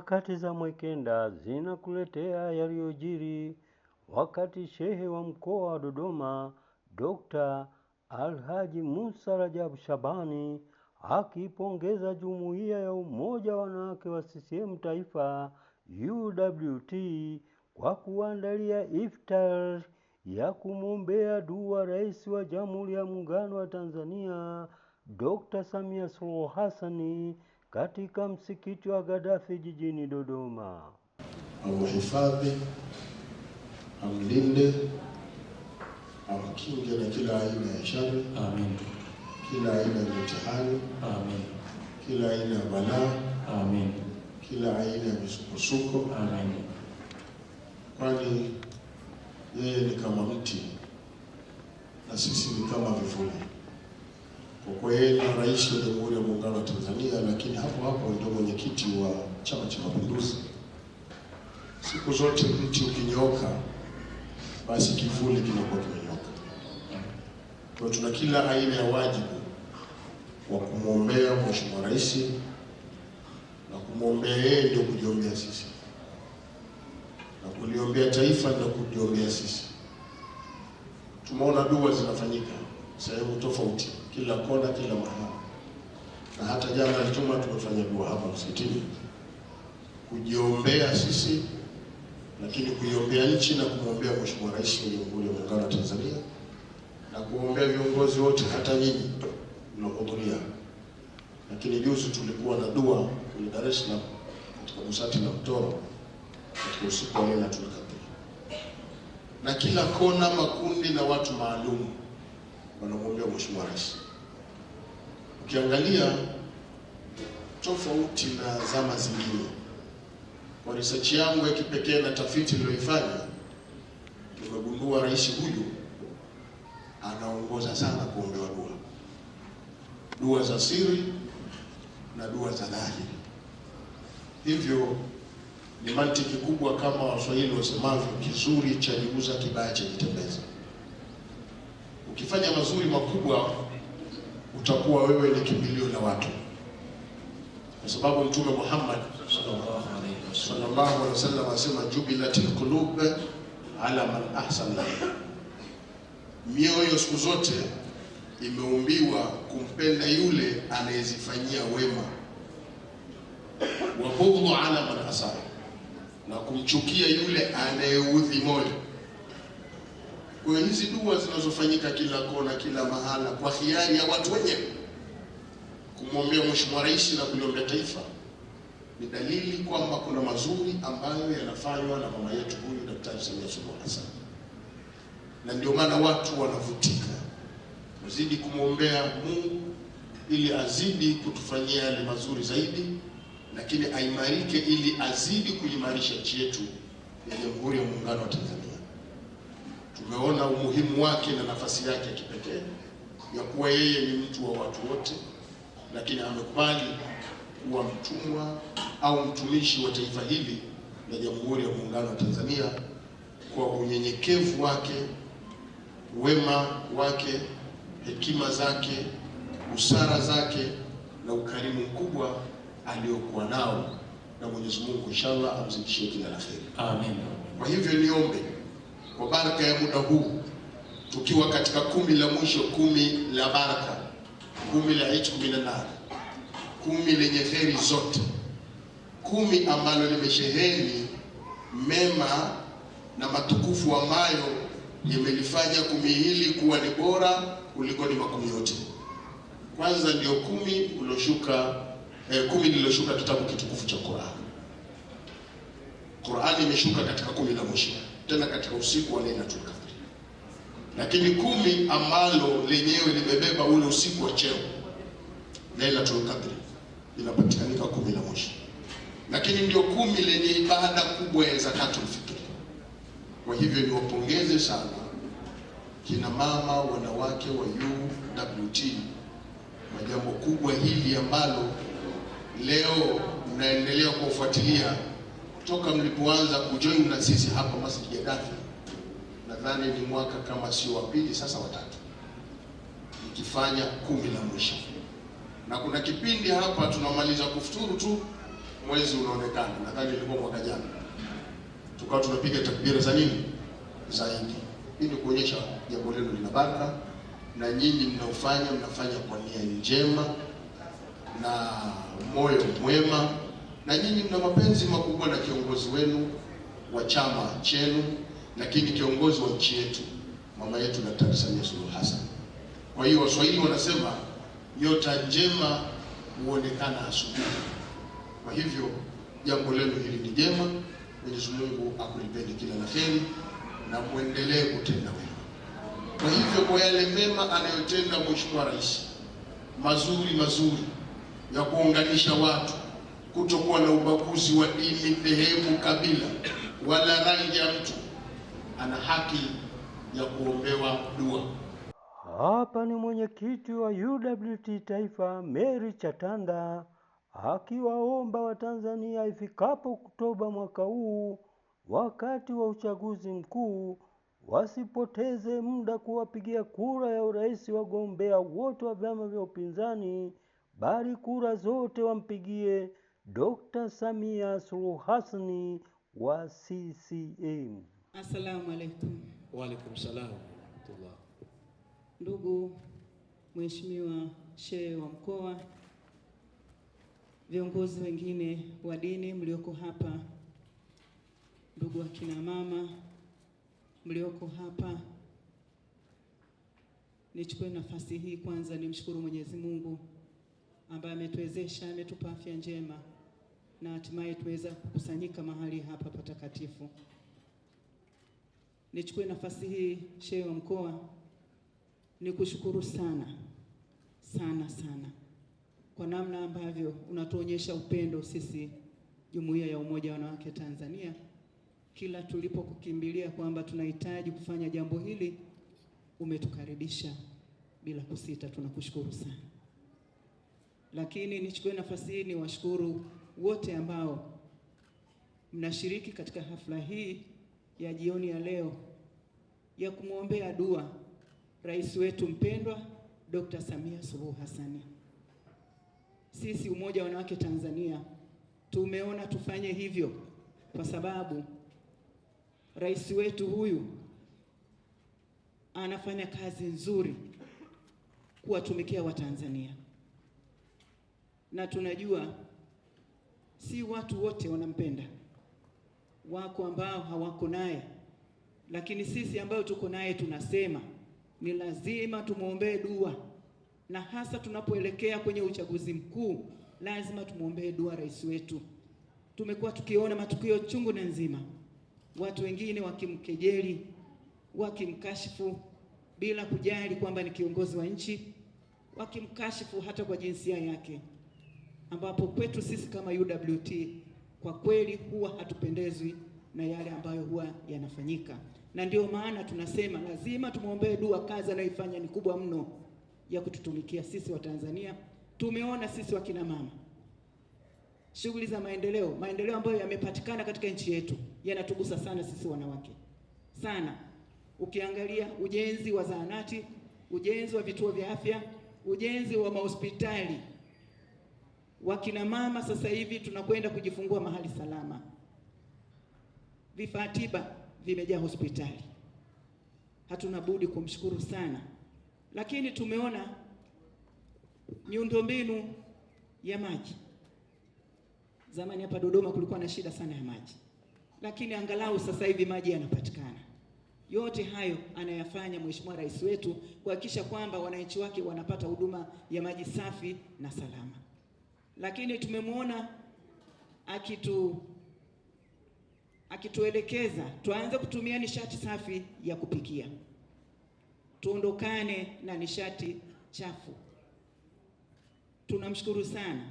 Harakati za Mwekenda zinakuletea yaliyojiri wakati shehe wa mkoa wa Dodoma Dr. Alhaji Musa Rajabu Shabani akipongeza Jumuiya ya Umoja wa Wanawake wa CCM Taifa UWT kwa kuandalia iftar ya kumwombea dua Rais wa Jamhuri ya Muungano wa Tanzania Dr. Samia Suluhu Hassani katika msikiti wa Gadafi jijini Dodoma. Auhifadhi, amlinde, amkinge na kila aina ya shari, amin, kila aina ya mtihani, amin, kila aina ya balaa, amin, kila aina ya misukosuko, amin, kwani yeye ni kama mti na sisi ni kama vivuli kwa kweli rais wa Jamhuri ya Muungano wa Tanzania, lakini hapo hapo ndio mwenyekiti wa Chama cha Mapinduzi. Siku zote mti ukinyoka, basi kivuli kinakuwa kimenyoka. Kwa tuna kila aina ya wajibu wa kumwombea mheshimiwa rais na kumwombea yeye ndio kujiombea sisi, na kuliombea taifa ndio kujiombea sisi. Tumeona dua zinafanyika sehemu tofauti kila kona, kila mahali, na hata jana alituma tumefanya dua hapa msikitini kujiombea sisi, lakini kuiombea nchi na kumwombea Mheshimiwa Rais wa Jamhuri ya Muungano wa Tanzania na kuombea viongozi wote, hata nyinyi mliohudhuria. Lakini juzi tulikuwa na dua kwenye Dar es Salaam katika Busati na Mtoro katika usiku wa leo na kila kona, makundi na watu maalum wanamwombea mheshimiwa rais. Ukiangalia tofauti na zama zingine, kwa research yangu ya kipekee na tafiti niliyoifanya, tumegundua rais huyu anaongoza sana kuombewa dua, dua za siri na dua za dhahiri. Hivyo ni mantiki kubwa kama waswahili wasemavyo, kizuri cha jiguza, kibaya cha jitembeza ukifanya mazuri makubwa utakuwa wewe ni kimbilio la watu, kwa sababu Mtume Muhammad sallallahu alaihi wasallam asema jubilat qulub ala man ahsana, mioyo siku zote imeumbiwa kumpenda yule anayezifanyia wema, wa ala man asara, na kumchukia yule anayeudhi moyo kwa hiyo hizi dua zinazofanyika kila kona, kila mahala, kwa hiari ya watu wenyewe, kumwombea mheshimiwa rais na kuliombea taifa, ni dalili kwamba kuna mazuri ambayo yanafanywa na mama yetu huyu Daktari Samia Suluhu Hassan, na ndio maana watu wanavutika. kuzidi kumwombea Mungu ili azidi kutufanyia yale mazuri zaidi, lakini aimarike ili azidi kuimarisha nchi yetu ya Jamhuri ya Muungano wa Tanzania tumeona umuhimu wake na nafasi yake ya kipekee ya kuwa yeye ni mtu wa watu wote, lakini amekubali kuwa mtumwa au mtumishi wa taifa hili la Jamhuri ya Muungano wa Tanzania kwa unyenyekevu wake, wema wake, hekima zake, busara zake na ukarimu mkubwa aliokuwa nao, na Mwenyezi Mungu inshallah amzidishie kila la kheri. Amen. Kwa hivyo niombe kwa baraka ya muda huu, tukiwa katika kumi la mwisho, kumi la baraka, kumi la hichi kumi nane, kumi lenye heri zote, kumi ambalo limesheheni mema na matukufu ambayo yamelifanya kumi hili kuwa ni bora kuliko ni makumi yote. Kwanza ndio kumi uloshuka, eh, kumi lililoshuka kitabu kitukufu cha Qur'an. Qur'an imeshuka katika kumi la mwisho tena katika usiku wa nne na lakini kumi ambalo lenyewe limebeba ule usiku wa cheo Lailatul Qadr linapatikanika kumi la mwisho, lakini ndio kumi lenye ibada kubwa ya zakatul fitri. Kwa hivyo niwapongeze sana kina mama wanawake wa UWT kwa jambo kubwa hili ambalo leo mnaendelea kufuatilia toka mlipoanza kujoin na sisi hapa Masjid Gaddafi, nadhani ni mwaka kama sio wa pili sasa watatu, nikifanya kumi la mwisho, na kuna kipindi hapa tunamaliza kufuturu tu mwezi unaonekana, nadhani ilikuwa mwaka jana, tukawa tunapiga takbira za nini zaidi. Hii ni kuonyesha jambo lenu lina baraka, na nyinyi mnaofanya mnafanya kwa nia njema na moyo mwema na nyinyi mna mapenzi makubwa na kiongozi wenu wa chama chenu, lakini kiongozi wa nchi yetu mama yetu Daktari Samia Suluhu Hassan. Kwa hiyo Waswahili wanasema nyota njema huonekana asubuhi. Kwa hivyo jambo lenu hili ni jema. Mwenyezi Mungu akulipeni kila la heri na muendelee kutenda wema. Kwa hivyo kwa yale mema anayotenda Mheshimiwa Rais, mazuri mazuri ya kuunganisha watu kutokuwa na ubaguzi wa dini, dhehebu, kabila wala rangi ya mtu, ana haki ya kuombewa dua. Hapa ni mwenyekiti wa UWT Taifa Mary Chatanda akiwaomba Watanzania ifikapo Oktoba mwaka huu wakati wa uchaguzi mkuu wasipoteze muda kuwapigia kura ya urais wagombea wote wa vyama vya upinzani, bali kura zote wampigie Dr. Samia Suluhu Hassan wa CCM. Assalamu alaikum. Wa alaikum salam. Ndugu Mheshimiwa Shehe wa Mkoa, viongozi wengine wa dini mlioko hapa, ndugu akina mama mlioko hapa, nichukue nafasi hii kwanza nimshukuru Mwenyezi Mungu ambaye ametuwezesha, ametupa afya njema na hatimaye tuweza kukusanyika mahali hapa patakatifu. Nichukue nafasi hii, Shehe wa Mkoa, nikushukuru sana sana sana kwa namna ambavyo unatuonyesha upendo sisi Jumuiya ya Umoja wa Wanawake Tanzania, kila tulipokukimbilia kwamba tunahitaji kufanya jambo hili, umetukaribisha bila kusita. Tunakushukuru sana, lakini nichukue nafasi hii niwashukuru wote ambao mnashiriki katika hafla hii ya jioni ya leo ya kumwombea dua rais wetu mpendwa Dr. Samia Suluhu Hassan. Sisi Umoja wa Wanawake Tanzania tumeona tufanye hivyo kwa sababu rais wetu huyu anafanya kazi nzuri kuwatumikia Watanzania na tunajua si watu wote wanampenda, wako ambao hawako naye, lakini sisi ambao tuko naye tunasema ni lazima tumwombee dua, na hasa tunapoelekea kwenye uchaguzi mkuu, lazima tumwombee dua rais wetu. Tumekuwa tukiona matukio chungu na nzima, watu wengine wakimkejeli, wakimkashifu bila kujali kwamba ni kiongozi wa nchi, wakimkashifu hata kwa jinsia yake ambapo kwetu sisi kama UWT kwa kweli huwa hatupendezwi na yale ambayo huwa yanafanyika, na ndio maana tunasema lazima tumwombee dua. Kazi anayoifanya ni kubwa mno ya kututumikia sisi Watanzania. Tumeona sisi wakina mama shughuli za maendeleo, maendeleo ambayo yamepatikana katika nchi yetu yanatugusa sana sisi wanawake sana. Ukiangalia ujenzi wa zahanati, ujenzi wa vituo vya afya, ujenzi wa mahospitali wakina mama sasa hivi tunakwenda kujifungua mahali salama. Vifaa tiba vimejaa hospitali, hatuna budi kumshukuru sana, lakini tumeona miundombinu ya maji. Zamani hapa Dodoma kulikuwa na shida sana ya maji, lakini angalau sasa hivi maji yanapatikana. Yote hayo anayafanya Mheshimiwa Rais wetu kuhakikisha kwamba wananchi wake wanapata huduma ya maji safi na salama lakini tumemwona akitu akituelekeza tuanze kutumia nishati safi ya kupikia, tuondokane na nishati chafu. Tunamshukuru sana,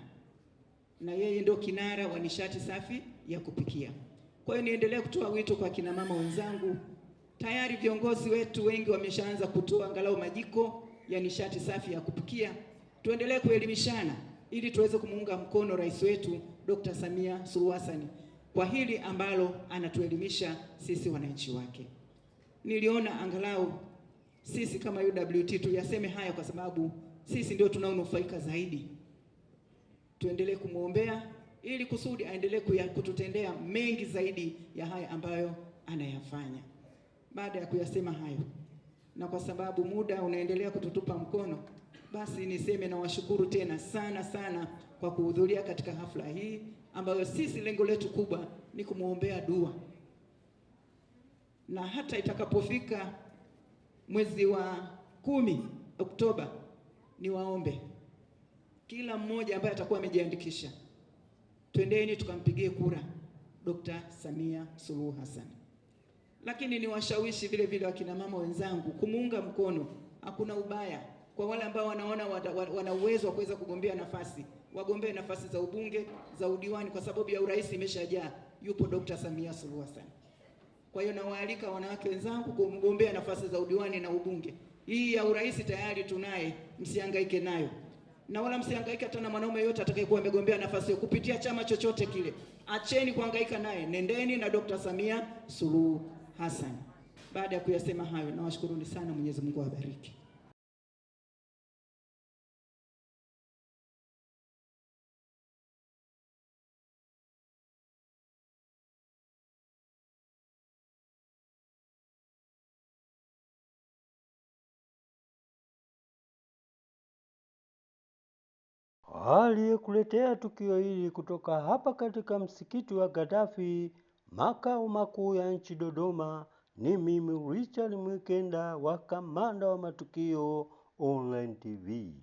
na yeye ndio kinara wa nishati safi ya kupikia. Kwa hiyo niendelee kutoa wito kwa kina mama wenzangu, tayari viongozi wetu wengi wameshaanza kutoa angalau majiko ya nishati safi ya kupikia. Tuendelee kuelimishana ili tuweze kumuunga mkono rais wetu Dr. Samia Suluhu Hassan kwa hili ambalo anatuelimisha sisi wananchi wake. Niliona angalau sisi kama UWT tuyaseme haya kwa sababu sisi ndio tunaonufaika zaidi. Tuendelee kumwombea ili kusudi aendelee kututendea mengi zaidi ya haya ambayo anayafanya. Baada ya kuyasema hayo, na kwa sababu muda unaendelea kututupa mkono basi niseme nawashukuru tena sana sana kwa kuhudhuria katika hafla hii ambayo sisi lengo letu kubwa ni kumwombea dua, na hata itakapofika mwezi wa kumi Oktoba, niwaombe kila mmoja ambaye atakuwa amejiandikisha, twendeni tukampigie kura Dr. Samia Suluhu Hassan. Lakini niwashawishi vile vile wakina mama wenzangu kumuunga mkono, hakuna ubaya kwa wale ambao wanaona wana uwezo wa kuweza kugombea nafasi, wagombee nafasi za ubunge, za udiwani, kwa sababu ya urais imeshajaa, yupo Dr. Samia Suluhu Hassan. Kwa hiyo nawaalika wanawake wenzangu kumgombea nafasi za udiwani na ubunge. Hii ya urais tayari tunaye, msihangaike nayo na wala msihangaike hata na mwanaume yote atakayekuwa amegombea nafasi kupitia chama chochote kile. Acheni kuhangaika naye, nendeni na Dr. Samia Suluhu Hassan. Baada ya kuyasema hayo, nawashukuruni sana. Mwenyezi Mungu awabariki. Aliyekuletea tukio hili kutoka hapa katika msikiti wa Gaddafi, makao makuu ya nchi Dodoma, ni mimi Richard Mwikenda wa Kamanda wa Matukio Online TV.